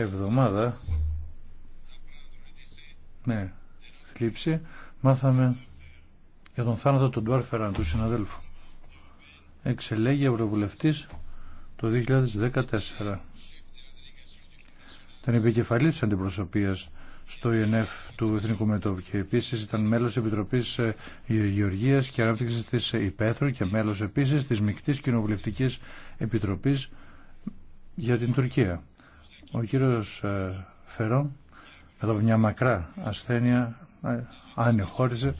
εβδομάδα με ναι, θλίψη μάθαμε για τον θάνατο του Ντουάρ Φεράν, του συναδέλφου. Εξελέγει ευρωβουλευτής το 2014. Ήταν επικεφαλή τη αντιπροσωπείας στο ΙΕΝΕΦ του Εθνικού Μετώπου και επίσης ήταν μέλος Επιτροπής ε, Γεωργίας και ανάπτυξη της Υπέθρου και μέλος επίσης της Μικτής κοινοβουλευτική Επιτροπής για την Τουρκία. Ο κύριος ε, Φερό, μετά από μια μακρά ασθένεια, ε, ανεχώρησε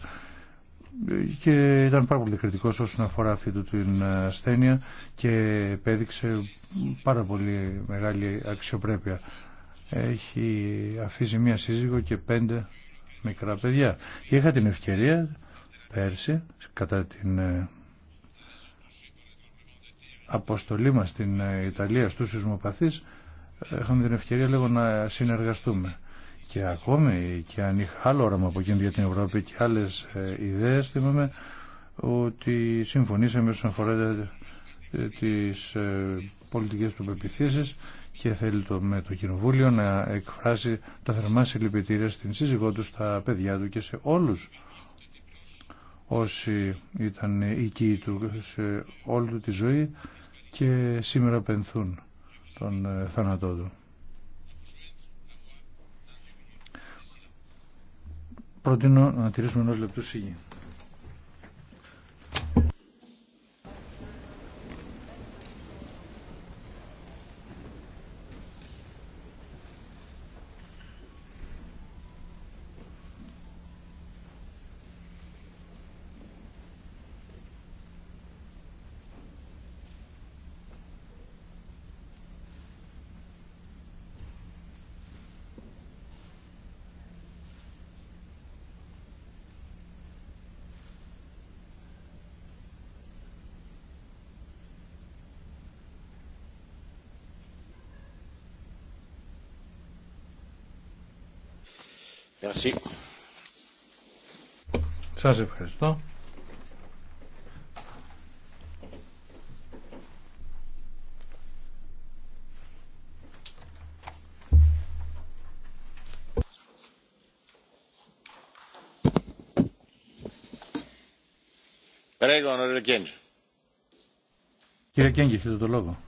και ήταν πάρα πολύ κριτικός όσον αφορά αυτή του την ασθένεια και επέδειξε πάρα πολύ μεγάλη αξιοπρέπεια. Έχει αφήσει μία σύζυγο και πέντε μικρά παιδιά. Και είχα την ευκαιρία πέρσι, κατά την ε, αποστολή μας στην Ιταλία στους σεισμοπαθείς, έχουμε την ευκαιρία λίγο να συνεργαστούμε. Και ακόμη και αν είχα άλλο όραμα από εκείνη για την Ευρώπη και άλλες ε, ιδέες θυμάμαι ότι συμφωνήσαμε όσον αφορά ε, τις ε, πολιτικές του πεπιθήσεις και θέλει το, με το Κοινοβούλιο να εκφράσει τα θερμά συλληπιτήρια στην σύζυγό του, στα παιδιά του και σε όλους όσοι ήταν οικοί του σε όλη του τη ζωή και σήμερα πενθούν τον ε, θάνατό του. Προτείνω να τηρήσουμε ενός λεπτού σίγη. Merci. Σας ευχαριστώ. Κύριε Κέγγι, έχετε το λόγο.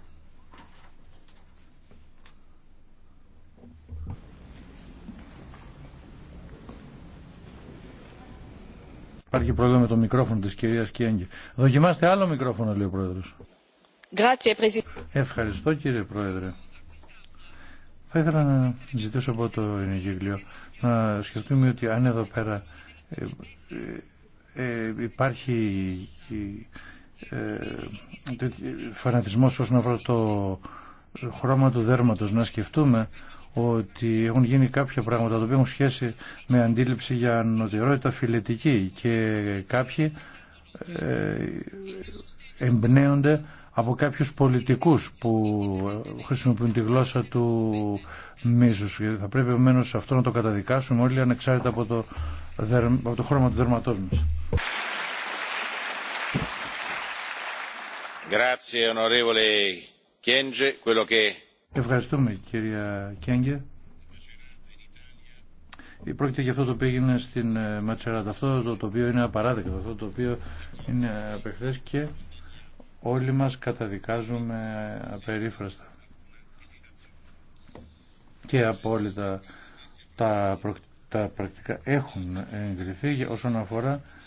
Υπάρχει πρόβλημα με το μικρόφωνο της κυρίας Κιέγγι. Δοκιμάστε άλλο μικρόφωνο, λέει ο Πρόεδρος. Ευχαριστώ κύριε Πρόεδρε. Θα ήθελα να ζητήσω από το Ενεγύκλιο να σκεφτούμε ότι αν εδώ πέρα ε, ε, ε υπάρχει ε, ε φανατισμός όσον αφορά το χρώμα του δέρματος να σκεφτούμε ότι έχουν γίνει κάποια πράγματα οποία έχουν σχέση με αντίληψη για νοτερότητα φιλετική και κάποιοι ε, εμπνέονται από κάποιους πολιτικούς που χρησιμοποιούν τη γλώσσα του μίσους. Θα πρέπει επομένως αυτό να το καταδικάσουμε όλοι ανεξάρτητα από το, από το χρώμα του δερματός μας. Grazie Ευχαριστούμε κυρία Κέγκε. Πρόκειται για αυτό το οποίο έγινε στην ε, Ματσεράτα. Αυτό το, οποίο είναι απαράδεκτο, αυτό το οποίο είναι απεχθές και όλοι μας καταδικάζουμε απερίφραστα και απόλυτα τα, τα πρακτικά έχουν εγκριθεί όσον αφορά